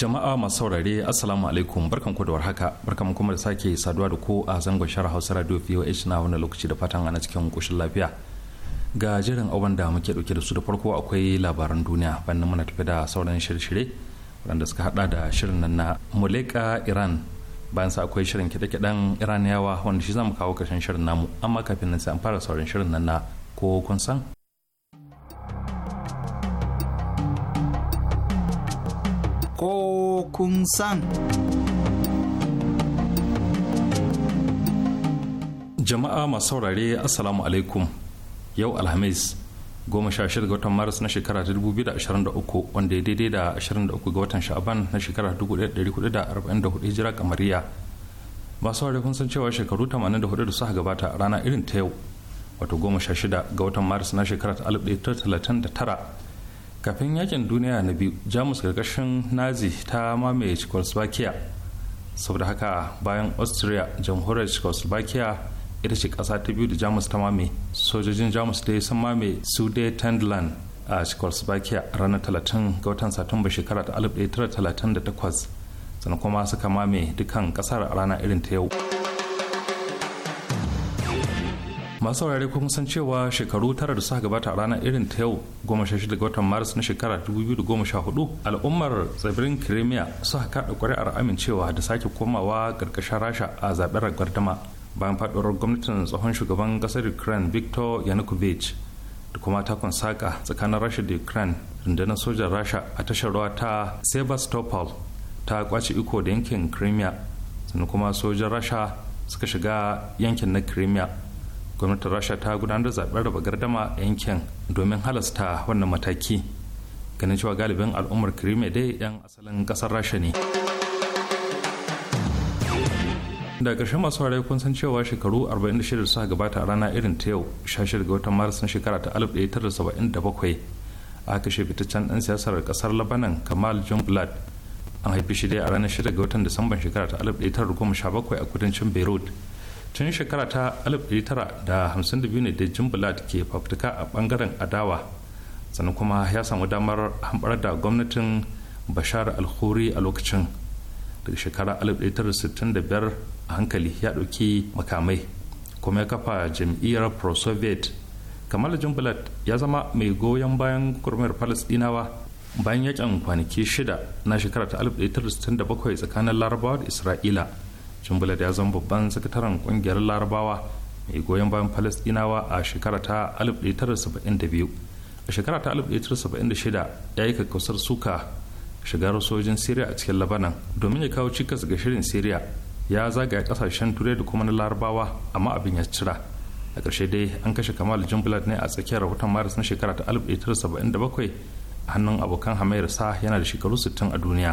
jama'a masu saurare assalamu alaikum barkan ku da warhaka barkan kuma da sake saduwa da ku a zangon shara hausa radio voh na wani lokaci da fatan ana cikin kushin lafiya ga jerin abin da muke dauke da su da farko akwai labaran duniya bayan muna tafi da sauran shirye-shirye waɗanda suka hada da shirin nan na muleka iran bayan sa akwai shirin kiɗe-kiɗen iraniyawa wanda shi zamu kawo ƙarshen shirin namu amma kafin nan sai an fara sauran shirin nan na ko kun san ko kun san. Jama'a masu saurare Assalamu alaikum yau Alhamis goma sha shida ga watan Maris na shekara ta dubu biyu da ashirin da uku wanda ya daidai da ashirin da uku ga watan Sha'aban na shekara dubu ɗaya ɗari kuɗi da arba'in da hudu hijira kamariya. Masu saurare kun san cewa shekaru tamanin da hudu da suka gabata rana irin ta yau wato goma sha shida ga watan Maris na shekara ta alif ɗaya talatin da tara kafin yakin duniya na biyu jamus karkashin nazi ta mamaye czechoslovakia saboda haka bayan austria jamhuriyar czechoslovakia ita ce kasa ta biyu da jamus ta mame sojojin jamus dai sun mame sudetenland a czechoslovakia ranar 30 ga watan satumba shekara ta 1938 sannan kuma suka mame dukkan kasar a rana irin ta yau masu saurare kuma san cewa shekaru tara da suka gabata a ranar irin ta yau goma sha shida ga watan maris na shekara hudu al'ummar tsibirin crimea suka kaɗa ƙuri'ar amincewa da sake komawa ƙarƙashin rasha a zaɓen gardama bayan faɗuwar gwamnatin tsohon shugaban ƙasar ukraine victor yanukovych da kuma takon saka tsakanin rasha da ukraine rundunar sojan rasha a tashar ruwa ta sebastopol ta kwace iko da yankin kirimiya sannan kuma sojan rasha suka shiga yankin na kirimiya gwamnatin rasha ta gudanar da zaɓen raba gardama a yankin domin halasta wannan mataki ganin cewa galibin al'ummar kirime dai 'yan asalin kasar rasha ne da ƙarshe masu harai kun san cewa shekaru 46 suka gabata a rana irin ta yau 16 ga watan maris na shekara ta 1977 a kashe fitaccen ɗan siyasar ƙasar labanan kamal jonglad an haifi shi dai a ranar 6 ga watan disamban shekara ta 1917 a kudancin beirut tun shekara ta 1952 ne da jimbulat ke fafutuka a bangaren adawa sannan kuma ya samu damar hambar da gwamnatin bashar alkhuri a lokacin daga shekara 1965 a hankali ya ɗauki makamai kuma ya kafa jam'iyyar pro-soviet jim jimbulat ya zama mai goyon bayan kurmiyar palestinawa bayan yakin kwanaki shida na shekara ta 1967 tsakanin larabawa da isra'ila cimbalad ya zama babban sakataren kungiyar larabawa mai goyon bayan falastinawa a shekara ta 1972 a shekara ta 1976 ya yi kakkausar suka shigar sojin syria a cikin labanan domin ya kawo cikas ga shirin syria ya zagaya kasashen turai da kuma na larabawa amma abin ya cira a ƙarshe dai an kashe kamal jimblad ne a tsakiyar rahoton maris na shekara ta 1977 a hannun abokan hamayar sa yana da shekaru 60 a duniya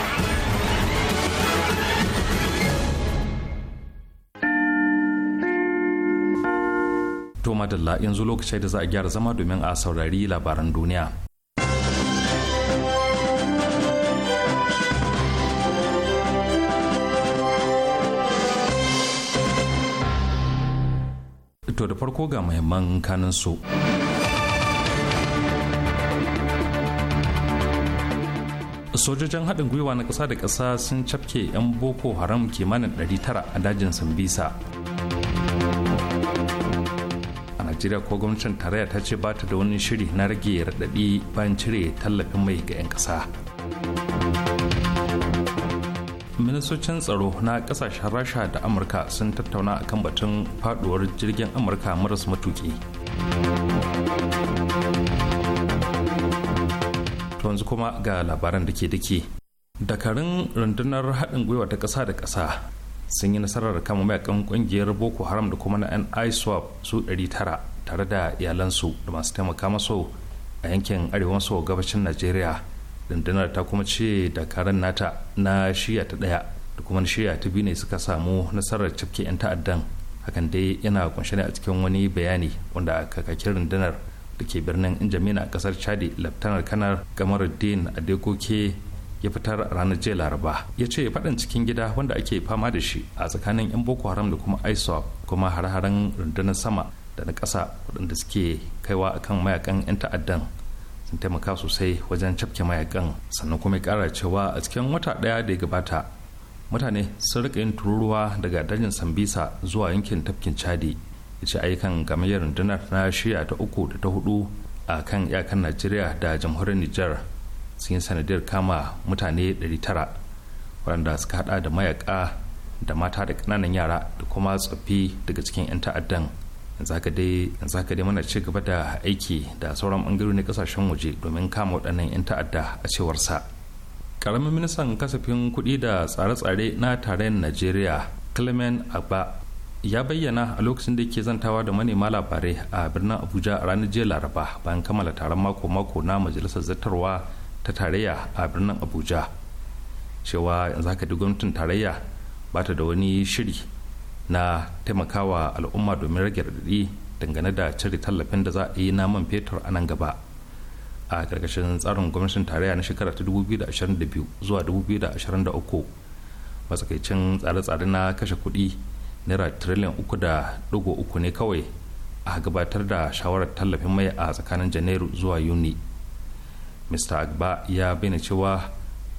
madalla yanzu lokacin da za a gyara zama domin a saurari labaran duniya. To da farko ga muhimman kanin su. sojojin haɗin gwiwa na ƙasa da ƙasa sun cafke 'yan boko haram kimanin 900 a dajin sambisa najeriya ko gwamnatin tarayya ta ce ba ta da wani shiri na rage raɗaɗi bayan cire tallafin mai ga 'yan ƙasa ministocin tsaro na kasashen rasha da amurka sun tattauna akan batun faduwar jirgin amurka maras matuki yanzu kuma ga labaran da ke dake dakarun rundunar haɗin gwiwa ta ƙasa da ƙasa sun yi nasarar kama mayakan kungiyar boko haram da kuma na yan iswap su 900 tare da iyalansu da masu taimaka maso a yankin arewa maso gabashin najeriya dandanar ta kuma ce dakarun nata na shiya ta daya da kuma shiya ta biyu ne suka samu nasarar cafke 'yan ta'addan hakan dai yana kunshe ne a cikin wani bayani wanda kakakin rundunar da ke birnin injamina a kasar chadi laftanar kanar din adekoke. ya fitar ranar jiya laraba ya ce faɗan cikin gida wanda ake fama da shi a tsakanin 'yan boko haram da kuma isop kuma har-haren rundunar sama da na ƙasa waɗanda suke kaiwa akan mayakan 'yan ta'addan sun taimaka sosai wajen cafke mayakan sannan kuma ya ƙara cewa a cikin wata ɗaya da ya gabata mutane sun rika yin tururuwa daga dajin sambisa zuwa yankin tafkin chadi ya ce ayyukan gamayyar rundunar na shirya ta uku da ta hudu a kan iyakan najeriya da jamhuriyar nijar sun yi sanadiyar kama mutane 900 waɗanda suka hada da mayaka da mata da ƙananan yara da kuma tsoffi daga cikin 'yan ta'addan yanzu haka dai mana ci gaba da aiki da sauran ɓangarori na ƙasashen waje domin kama waɗannan 'yan ta'adda a cewar sa. karamin ministan kasafin kuɗi da tsare-tsare na tarayyar najeriya clement agba ya bayyana a lokacin da ke zantawa da manema labarai a birnin abuja a ranar jiya laraba bayan kammala taron mako-mako na majalisar zartarwa ta tarayya a birnin abuja cewa yanzu haka duk gwamnatin tarayya ba ta da wani shiri na taimakawa al'umma domin rage raɗaɗi dangane da cire tallafin da za a yi naman fetur a nan gaba a ƙarƙashin tsarin gwamnatin tarayya na shekara ta 2022 zuwa 2023 matsakaicin tsare-tsare na kashe kuɗi naira triliyan uku da ɗigo uku ne kawai a gabatar da shawarar tallafin mai a tsakanin janairu zuwa yuni mr agba ya bayyana cewa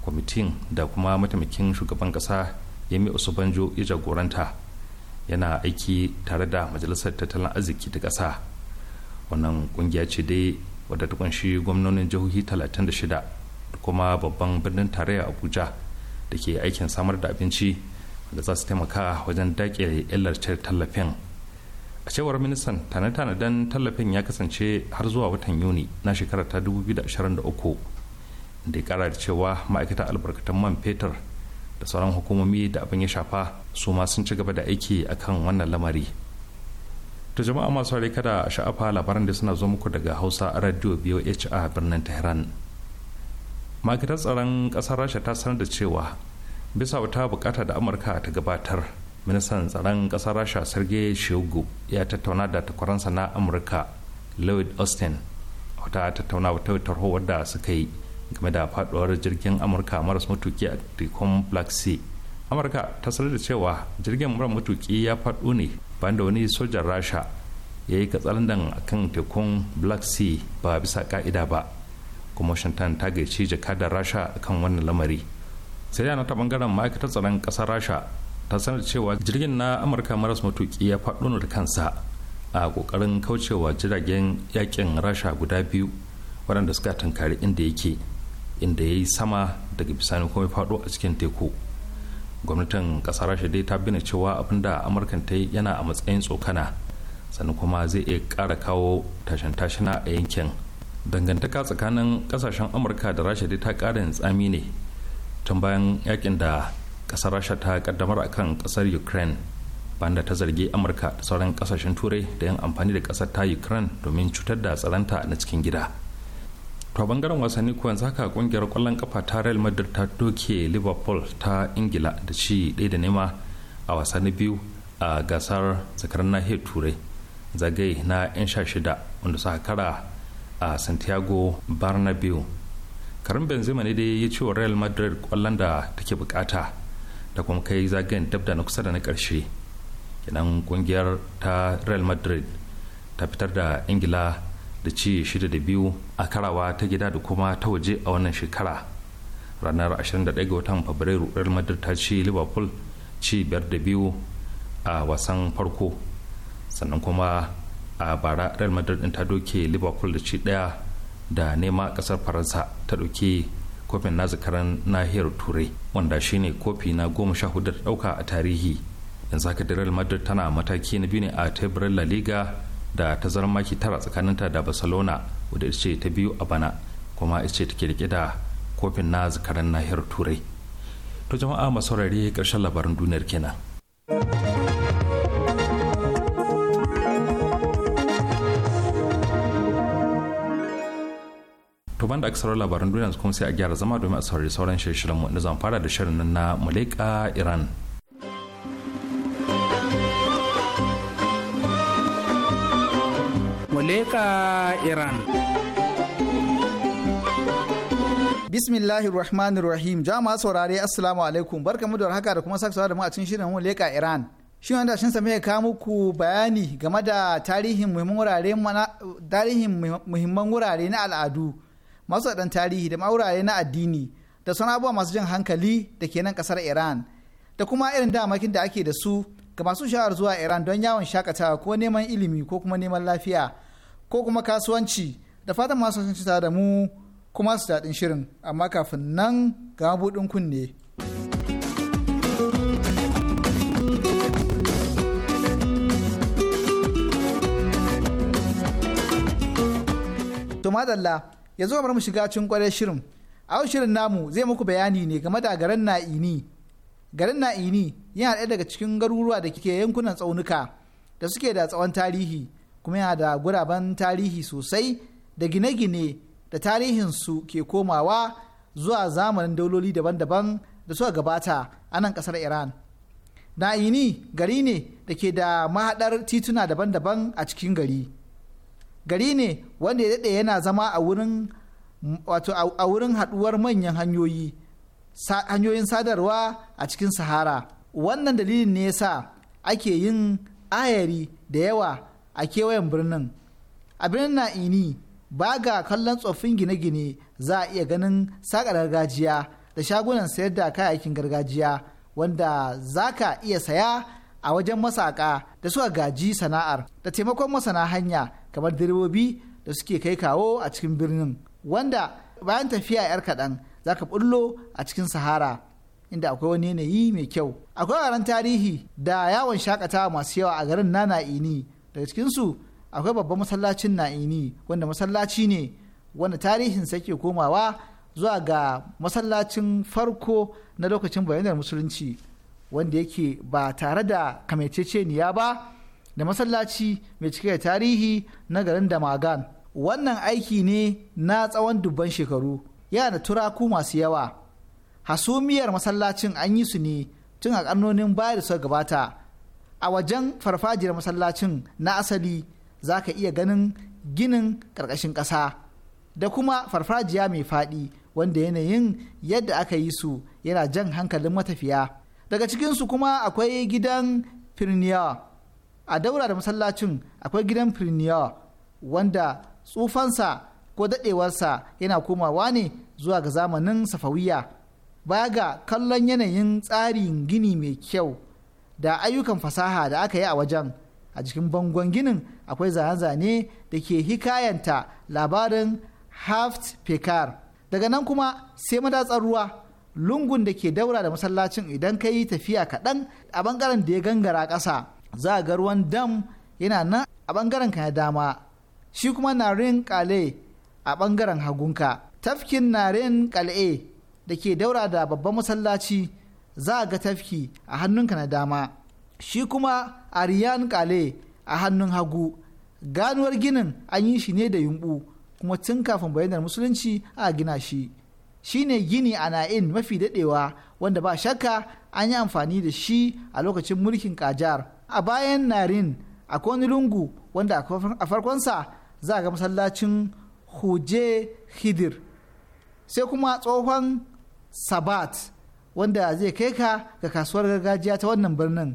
kwamitin da kuma mataimakin shugaban kasa yami banjo ya jagoranta yana aiki tare da majalisar tattalin arziki ta kasa wannan kungiya ce dai wadda ta kunshi gwamnonin jihohi 36 da kuma babban birnin tarayya abuja da ke aikin samar da abinci da za su taimaka wajen daƙe illar tallafin cewar ministan tane-tanaden tallafin ya kasance har zuwa watan yuni na shekarar ta 2023 da ya da cewa ma'aikatan albarkatun man fetur da sauran hukumomi da abin ya shafa su ma sun ci gaba da aiki a kan wannan lamari ta jama'a masu rai kada a sha'afa labaran da suna zo muku daga hausa radio boh a birnin tehran ma'aikatar tsaron ƙasar rasha ta sanar da cewa bisa wata bukata da amurka ta gabatar ministan tsaron kasar rasha sergei shogu ya tattauna da takwaransa na amurka lloyd austin wata tattaunawa ta tarhowar da suka yi game da faduwar jirgin amurka maras matuki a tekun black sea amurka ta sanar da cewa jirgin mara matuki ya faɗo ne bayan da wani sojan rasha ya yi katsalandan a kan tekun black sea ba bisa ka'ida ba kuma washington ta gaici jakadar rasha kan wannan lamari sai yana ta bangaren ma'aikatar tsaron ƙasar rasha ta sanar cewa jirgin na amurka maras matuki ya faɗo da kansa a ƙoƙarin kaucewa jiragen yakin rasha guda biyu waɗanda suka tankari inda yake inda ya yi sama daga bisani kuma ya faɗo a cikin teku gwamnatin ƙasar rasha dai ta bina cewa abin da amurkan ta yi yana a matsayin tsokana sannan kuma zai iya ƙara kawo tashin-tashina a yankin dangantaka tsakanin ƙasashen amurka da rasha dai ta ƙara yin tsami ne tun bayan yakin da kasar rasha ta kaddamar akan kasar ukraine banda ta zargi amurka da sauran kasashen turai da yin amfani da kasar ta ukraine domin cutar da tsaronta na cikin gida to bangaren wasanni kuwa zaka kungiyar kwallon kafa ta real madrid ta doke liverpool ta ingila da ci ɗaya da nema a wasanni biyu a gasar zakarar nahiyar turai zagaye na 'yan sha shida wanda suka kara a santiago barnabeu karin benzema ne dai ya ce wa real madrid kwallon da take bukata ta kuma kai zagayen dab da na kusa da na ƙarshe kenan kungiyar ta real madrid ta fitar da ingila da ci shida da biyu a karawa ta gida da kuma ta waje a wannan shekara ranar 21 ga watan fabrairu real madrid ta ci liverpool ci biyar da biyu a wasan farko sannan kuma a bara real madrid ta doke liverpool da ci daya da nema kasar faransa ta doke kofin na nahiyar turai wanda shine kofi na goma sha hudu da dauka a tarihi yanzu haka da real madrid tana mataki na biyu ne a teburin la liga da zara maki tara tsakaninta da barcelona wadda ita ce ta biyu a bana kuma ita ce take rike da kofin na nahiyar turai to jama'a masaurari karshen labaran duniyar kenan to banda aka sauran labaran duniya kuma sai a gyara zama domin a saurari sauran shirye-shiryen mu zan fara da shirin nan na Muleka Iran. Muleka Iran. Bismillahir Rahmanir Rahim. Jama'a saurare Assalamu alaikum. mu da haka da kuma sake da mu a cikin shirin Muleka Iran. Shin wanda shin same ka muku bayani game da tarihin muhimman wurare na al'adu. masu ɗan tarihi da mauraye na addini da sauran abubuwa masu jan hankali da ke nan ƙasar iran da kuma irin damakin da ake da su ga masu sha'awar zuwa iran don yawon shakatawa ko neman ilimi ko kuma neman lafiya ko kuma kasuwanci da fatan masu kasance da mu kuma su daɗin shirin amma kafin nan ga mabuɗin kunne. To madalla yanzu kamar mu shiga cikin kwarai shirin a shirin namu zai muku bayani ne game da garin na'ini garin na'ini yana ɗaya daga cikin garuruwa da ke yankunan tsaunuka da suke da tsawon tarihi kuma yana da guraben tarihi sosai da gine-gine da tarihinsu ke komawa zuwa zamanin dauloli daban-daban da suka gabata a nan ƙasar iran na'ini gari ne da ke da mahaɗar tituna daban-daban a cikin gari. gari ne wanda ya daɗe yana zama a wurin wato haɗuwar manyan hanyoyi hanyoyin sadarwa a cikin sahara wannan dalilin ne yasa ake yin ayari da yawa a kewayen birnin a birnin na'ini ba ga kallon tsoffin gine-gine za a iya ganin saƙa gargajiya da shagunan sayar da kayayyakin gargajiya wanda za ka iya saya a wajen masaƙa da suka gaji sana'ar da taimakon masana hanya kamar direbobi da suke kai kawo a cikin birnin wanda bayan tafiya yar kaɗan za ka bullo a cikin sahara inda akwai wani yanayi mai kyau akwai wuraren tarihi da yawon shakatawa masu yawa a garin na na'ini daga cikinsu akwai babban masallacin na'ini wanda masallaci ne wanda tarihin sake komawa zuwa ga masallacin farko na lokacin bayanar musulunci wanda yake ba tare da kamaiceceniya ba da masallaci mai cike da tarihi na garin Damagan. Wannan aiki ne na tsawon dubban shekaru, yana da turaku masu yawa. Hasumiyar masallacin an yi su ne tun a ƙarnonin baya da suka gabata. A wajen farfajiyar masallacin na asali za ka iya ganin ginin ƙarƙashin ƙasa da kuma farfajiya mai faɗi wanda yanayin yadda aka yi su yana jan hankalin matafiya. Daga cikinsu kuma akwai gidan Firniya a daura da masallacin akwai gidan firniyawa wanda tsufansa ko daɗewarsa yana komawa ne zuwa ga zamanin safawiya ba ga kallon yanayin tsarin gini mai kyau da ayyukan fasaha da aka yi a wajen a jikin bangon ginin akwai zane-zane da ke hikayanta labarin haft pekar daga nan kuma sai madatsar ruwa lungun da ke daura da masallacin idan ka yi tafiya kaɗan a bangaren da ya gangara ƙasa za a ga ruwan dam yana nan a bangaren ka na dama shi kuma narin kale a bangaren hagunka tafkin narin kale da ke daura da babban masallaci za a ga tafki a hannunka na dama shi kuma ariyan kale a hannun hagu ganuwar ginin an yi shi ne da yumbu kuma tun kafin bayanar musulunci a gina shi shi ne gini a na'in mafi dadewa wanda ba shakka an yi amfani da shi a lokacin mulkin kajar a bayan narin a wani lungu wanda a farkonsa za a ga masallacin huje hidir sai kuma tsohon sabat wanda zai kai ka ga kasuwar gargajiya ta wannan birnin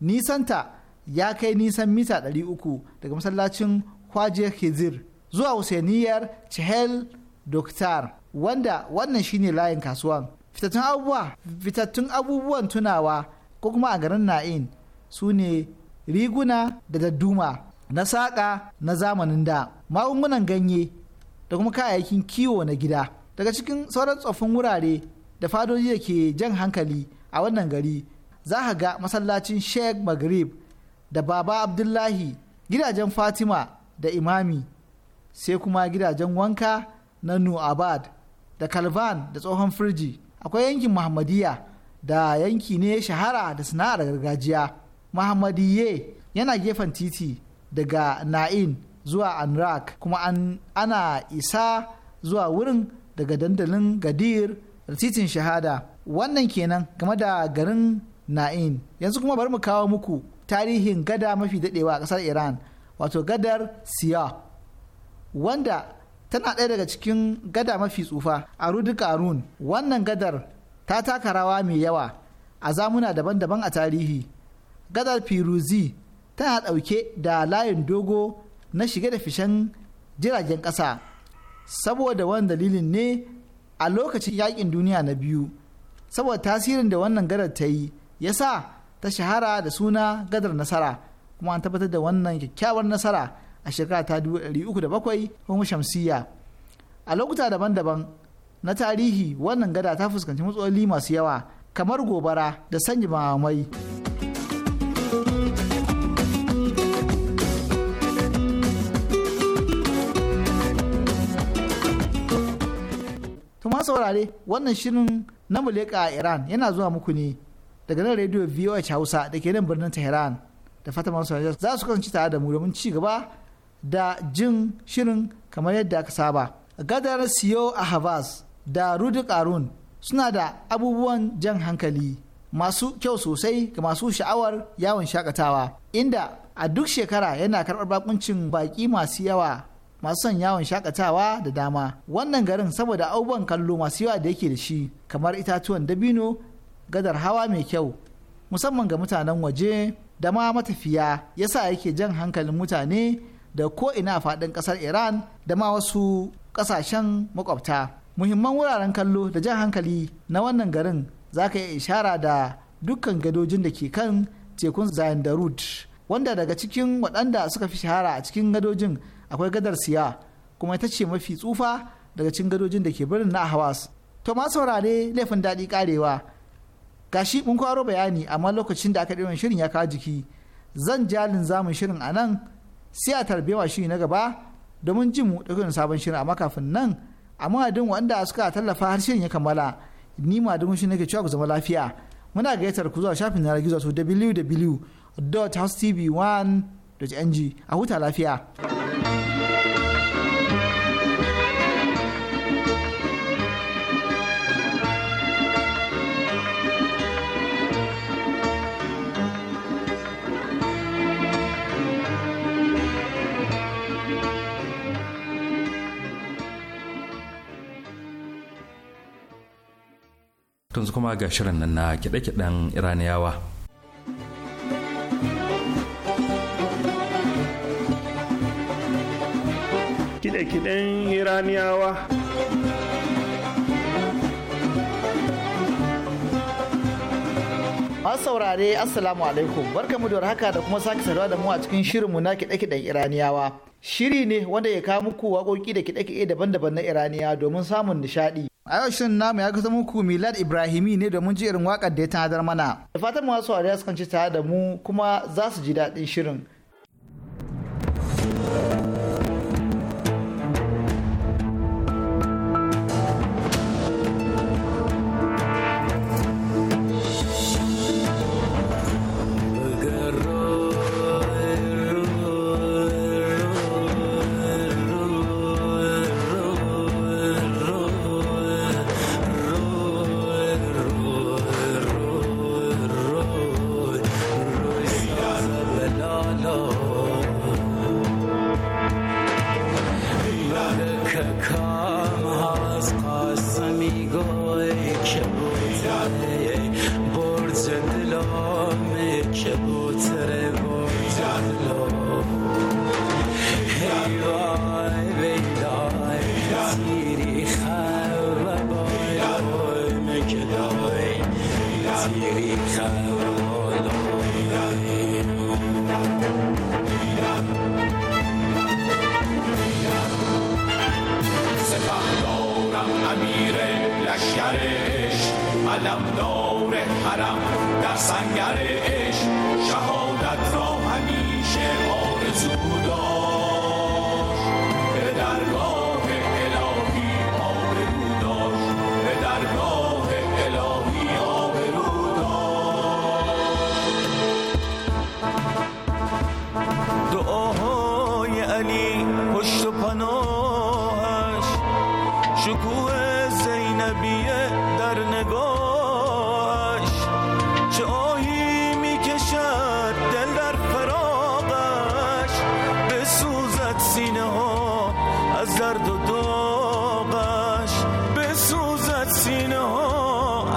nisanta ya kai nisan mita 300 daga masallacin kwaje hidir zuwa husainiyar chehel doktar wanda wannan shine layin kasuwan fitattun abubuwan tunawa ko kuma a garin na'in su ne riguna da dadduma na saƙa na zamanin da magungunan ganye da kuma kayayyakin kiwo na gida daga cikin sauran tsoffin wurare da fadoji da ke jan hankali a wannan gari za ka ga masallacin sheikh maghrib da baba abdullahi gidajen fatima da imami sai kuma gidajen wanka na nu'abad da kalvan da tsohon firji akwai yankin muhammadiyya da yanki ne shahara da sana'ar gargajiya mahamadiye yana gefen titi daga na'in zuwa anrak kuma an, ana isa zuwa wurin daga dandalin gadir da titin shahada wannan kenan game da garin na'in yanzu kuma bari mu kawo muku tarihin gada mafi daɗewa a ƙasar iran wato gadar siya wanda tana ɗaya daga cikin gada mafi tsufa a rudukarun wannan gadar ta taka rawa mai yawa a zamuna daban-daban a tarihi gadar firuzi tana ɗauke da layin dogo na shige da fishen jiragen ƙasa saboda wani dalilin ne a lokacin yakin duniya na biyu saboda tasirin da wannan gadar ta yi ya sa ta shahara da suna gadar nasara kuma an tabbatar da wannan kyakkyawar nasara a shekara ta 307 kuma shamsiyya a lokuta daban-daban na tarihi wannan gada ta fuskanci matsaloli masu yawa kamar gobara da sanya mamai. masu saurare wannan shirin na muleka a iran yana zuwa muku ne daga nan rediyo voa hausa da ke nan birnin tehran da fata masu za su kasance tare da mu domin ci gaba da jin shirin kamar yadda aka saba gadar siyo a havas da rudi karun suna da abubuwan jan hankali masu kyau sosai ga masu sha'awar yawon shakatawa inda a duk shekara yana karɓar bakuncin baƙi masu yawa masu son yawon shakatawa da dama wannan garin saboda abubuwan kallo masu yawa da yake da shi kamar itatuwan dabino gadar hawa mai kyau musamman ga mutanen waje da ma matafiya yasa yake jan hankalin mutane da ko ina faɗin ƙasar iran da ma wasu ƙasashen makwabta muhimman wuraren kallo da jan hankali na wannan garin za ka iya ishara da dukkan gadojin da ke kan tekun zayan wanda daga cikin waɗanda suka fi shahara a cikin gadojin akwai gadar siya kuma ita ce mafi tsufa daga cikin gadojin da ke birnin na hawas to ma saurare laifin daɗi karewa gashi mun kwaro bayani amma lokacin da aka ɗirin shirin ya kawo jiki zan jalin zamun shirin a nan sai a wa shiri na gaba domin jin mu ɗauki sabon shirin amma kafin nan a madadin wanda suka tallafa har shirin ya kammala ni ma dukkan shi nake cewa ku zama lafiya muna gayyatar ku zuwa shafin yanar gizo www.housetv1.ng a huta lafiya. kuma ga shirin nan na kiɗe-kiɗen iraniyawa kiɗe-kiɗen iraniyawa masu saurare assalamu alaikum barkamu da haka da kuma sake saduwa da mu a cikin shirinmu na kiɗe-kiɗen iraniyawa shiri ne wanda ya kawo muku waƙoƙi da kiɗe-kiɗe daban-daban na iraniya domin samun nishaɗi a yau shirin namu ya kusa muku milad ibrahimi ne domin ji irin waƙar da ya tanadar mana da fatan masu wariya sukan ci tare da mu kuma za su ji daɗin shirin sangare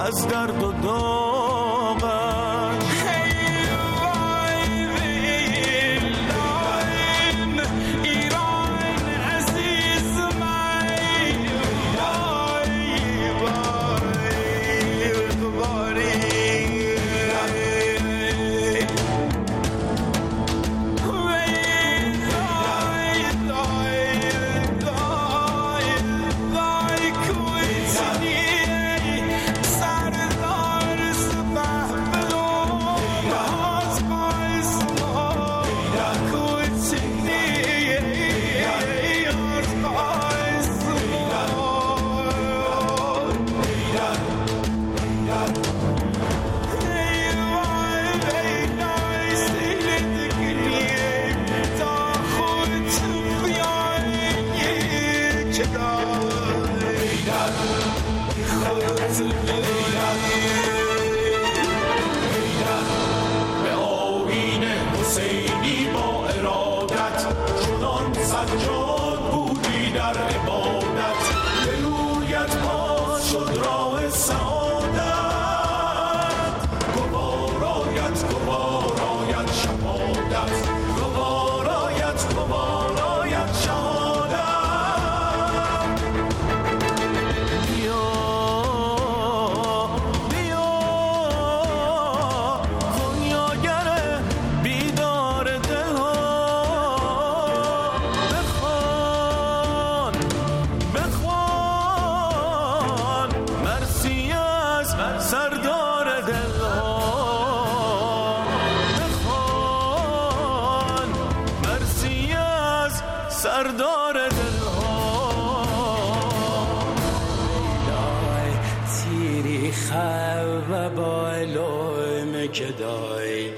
از درد و دار Çıkar Beyler Beyler Beyler سردار دلها دای تیری خواب و بالای مکدای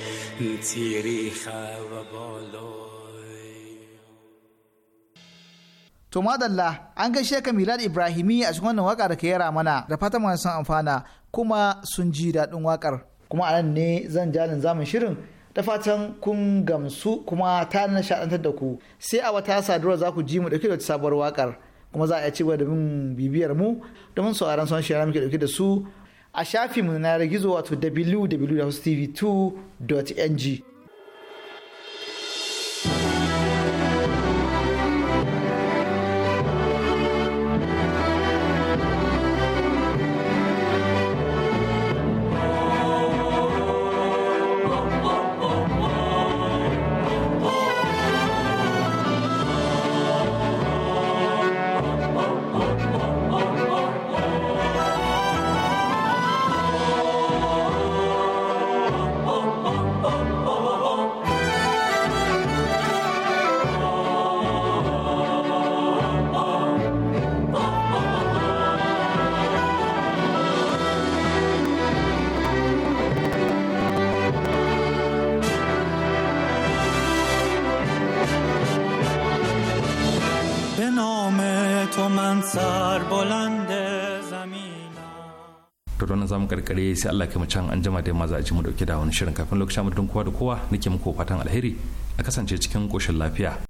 تیری خواب و بالای to madalla an gaishe ka milad ibrahimi a cikin wannan waka da ka yara mana da fatan sun amfana kuma sun ji daɗin waƙar. kuma a nan ne zan jalin zamun shirin da fatan kun gamsu kuma ta nishaɗantar da ku sai a wata saduwar za ku ji mu dauke da sabuwar wakar kuma za a iya cewa domin bibiyar mu domin sauraron son shirya muke dauke da su a shafinmu na gizo wato www.tv2.ng za zamu karkare sai Allah kai mu can an jima da maza ji mu dauke da wani shirin kafin lokacin mutum kowa da kowa nake muku fatan alheri a kasance cikin koshin lafiya